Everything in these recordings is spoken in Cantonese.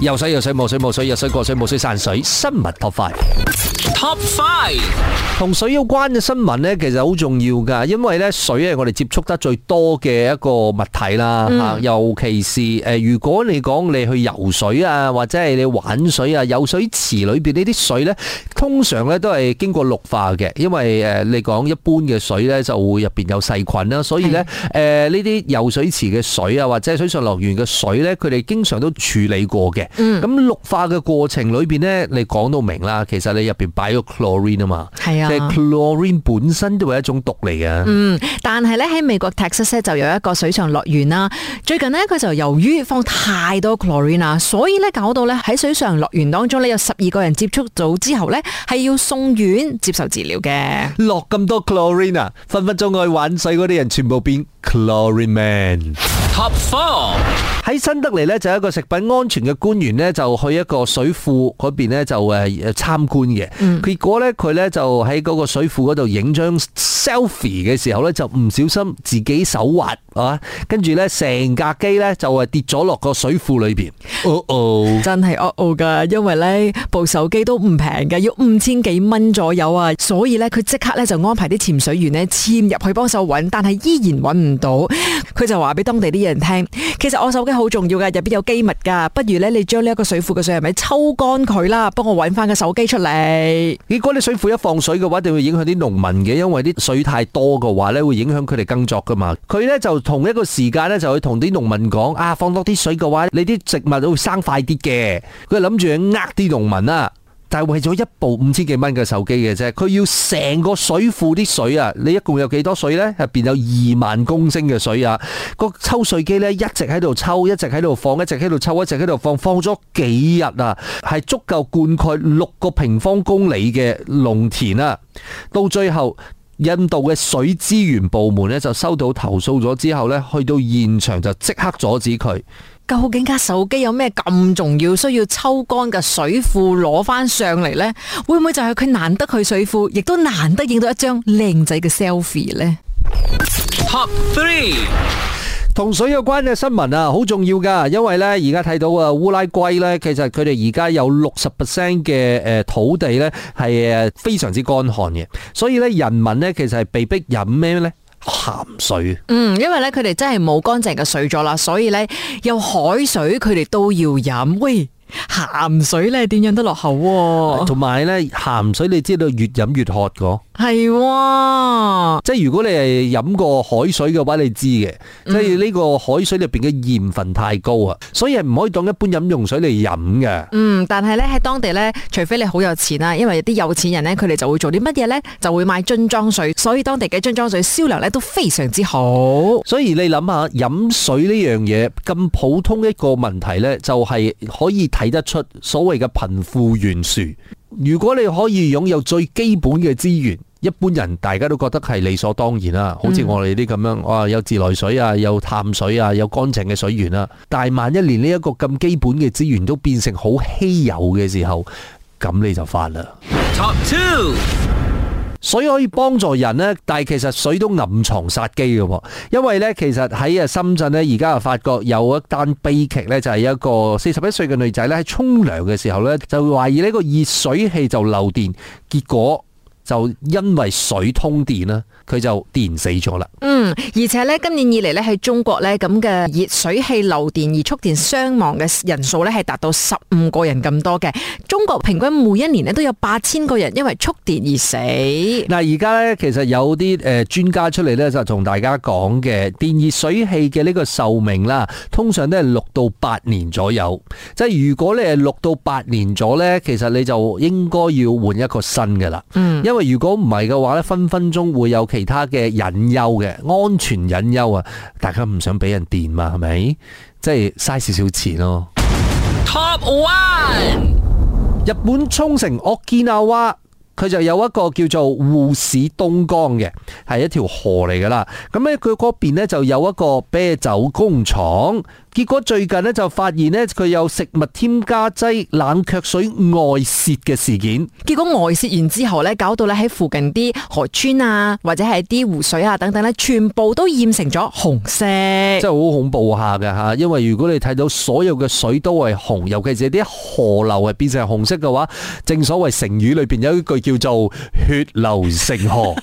有水有水，冇水冇水，有水過水冇水散水。新聞 top five，top five，同水有關嘅新聞咧，其實好重要噶，因為咧水係我哋接觸得最多嘅一個物體啦。吓，尤其是誒，如果你講你去游水啊，或者係你玩水啊，游水池裏邊呢啲水咧，通常咧都係經過氯化嘅，因為誒你講一般嘅水咧就會入邊有細菌啦，所以咧誒呢啲游水池嘅水啊，或者水上樂園嘅水咧，佢哋經常都處理過嘅。咁、嗯、綠化嘅過程裏邊咧，你講到明啦。其實你入邊擺咗 chlorine 啊嘛，係啊，即係 chlorine 本身都係一種毒嚟嘅。嗯，但係咧喺美國 Texas 就有一個水上樂園啦。最近呢，佢就由於放太多 chlorine 啊，所以咧搞到咧喺水上樂園當中咧有十二個人接觸到之後咧係要送院接受治療嘅。落咁多 chlorine 啊，分分鐘愛玩水嗰啲人全部變 chlorine man。Top four，喺新德里咧就一個食品安全嘅官員咧就去一個水庫嗰邊咧就誒誒參觀嘅，結果咧佢咧就喺嗰個水庫嗰度影張 selfie 嘅時候咧就唔小心自己手滑啊，跟住咧成架機咧就係跌咗落個水庫裏邊。哦哦，真係哦哦噶，因為咧部手機都唔平嘅，要五千幾蚊左右啊，所以咧佢即刻咧就安排啲潛水員咧潛入去幫手搵，但係依然搵唔到，佢就話俾當地啲。啲人聽，其實我手機好重要噶，入邊有機密噶，不如咧你將呢一個水庫嘅水係咪抽乾佢啦？幫我搵翻個手機出嚟。如果你水庫一放水嘅話，一定會影響啲農民嘅，因為啲水太多嘅話咧，會影響佢哋耕作噶嘛。佢咧就同一個時間咧，就會同啲農民講啊，放多啲水嘅話，你啲植物都會生快啲嘅。佢諗住去呃啲農民啊。但係為咗一部五千幾蚊嘅手機嘅啫，佢要成個水庫啲水啊！你一共有幾多水呢？入邊有二萬公升嘅水啊！個抽水機呢，一直喺度抽，一直喺度放，一直喺度抽，一直喺度放，放咗幾日啊！係足夠灌溉六個平方公里嘅農田啊！到最後，印度嘅水資源部門呢，就收到投訴咗之後呢，去到現場就即刻阻止佢。究竟家手機有咩咁重要，需要抽乾嘅水庫攞翻上嚟呢？會唔會就係佢難得去水庫，亦都難得影到一張靚仔嘅 selfie 呢？Top three 同水有關嘅新聞啊，好重要噶，因為呢，而家睇到啊，烏拉圭呢，其實佢哋而家有六十 percent 嘅誒土地呢，係誒非常之乾旱嘅，所以呢，人民呢，其實係被逼飲咩呢？鹹水，嗯，因為咧佢哋真係冇乾淨嘅水咗啦，所以咧有海水佢哋都要飲喂。鹹水咧，點樣都落口、啊，同埋咧鹹水你知道越飲越渴個，係、哦，即係如果你係飲過海水嘅話，你知嘅，嗯、即係呢個海水入邊嘅鹽分太高啊，所以係唔可以當一般飲用水嚟飲嘅。嗯，但係咧喺當地咧，除非你好有錢啦，因為啲有錢人咧，佢哋就會做啲乜嘢咧，就會買樽裝水，所以當地嘅樽裝水銷量咧都非常之好。所以你諗下，飲水呢樣嘢咁普通一個問題咧，就係、是、可以。睇得出所謂嘅貧富懸殊。如果你可以擁有最基本嘅資源，一般人大家都覺得係理所當然啦。好似我哋啲咁樣，哇、嗯啊、有自來水啊，有淡水啊，有乾淨嘅水源啊。但係萬一連呢一個咁基本嘅資源都變成好稀有嘅時候，咁你就發啦。水可以幫助人呢，但係其實水都暗藏殺機嘅。因為呢，其實喺啊深圳呢，而家啊發覺有一單悲劇呢，就係一個四十一歲嘅女仔呢，喺沖涼嘅時候呢，就懷疑呢個熱水器就漏電，結果。就因為水通電啦，佢就電死咗啦。嗯，而且呢，今年以嚟呢，喺中國呢咁嘅熱水器漏電而觸電傷亡嘅人數呢，係達到十五個人咁多嘅。中國平均每一年呢，都有八千個人因為觸電而死。嗱，嗯，而家呢，其實有啲誒專家出嚟呢，就同大家講嘅電熱水器嘅呢個壽命啦，通常都係六到八年左右。即係如果你係六到八年咗呢，其實你就應該要換一個新嘅啦。嗯，如果唔係嘅話咧，分分鐘會有其他嘅隱憂嘅，安全隱憂啊！大家唔想俾人電嘛，係咪？即係嘥少少錢咯。Top one，日本沖繩屋建那洼，佢就有一個叫做護士東江嘅，係一條河嚟噶啦。咁咧，佢嗰邊咧就有一個啤酒工廠。結果最近呢，就發現呢，佢有食物添加劑冷卻水外泄嘅事件。結果外、呃、泄完之後呢，搞到咧喺附近啲河川啊，或者係啲湖水啊等等呢，全部都染成咗紅色。真係好恐怖下㗎吓，因為如果你睇到所有嘅水都係紅，尤其是啲河流係變成紅色嘅話，正所謂成語裏邊有一句叫做血流成河，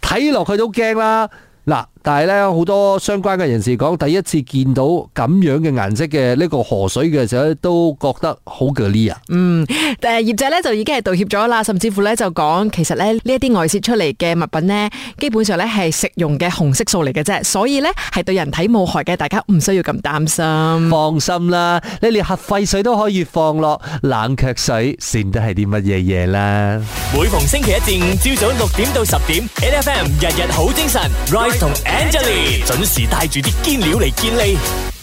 睇落 去都驚啦。嗱。但係咧，好多相關嘅人士講，第一次見到咁樣嘅顏色嘅呢個河水嘅時候，都覺得好 gelia。嗯，誒，業者咧就已經係道歉咗啦，甚至乎咧就講，其實咧呢一啲外泄出嚟嘅物品咧，基本上咧係食用嘅紅色素嚟嘅啫，所以咧係對人體冇害嘅，大家唔需要咁擔心。放心啦，你連核廢水都可以放落冷卻水，算得係啲乜嘢嘢啦？每逢星期一至五朝早六點到十點，N F M 日日好精神，rise 同。Angel，準時帶住啲堅料嚟堅你。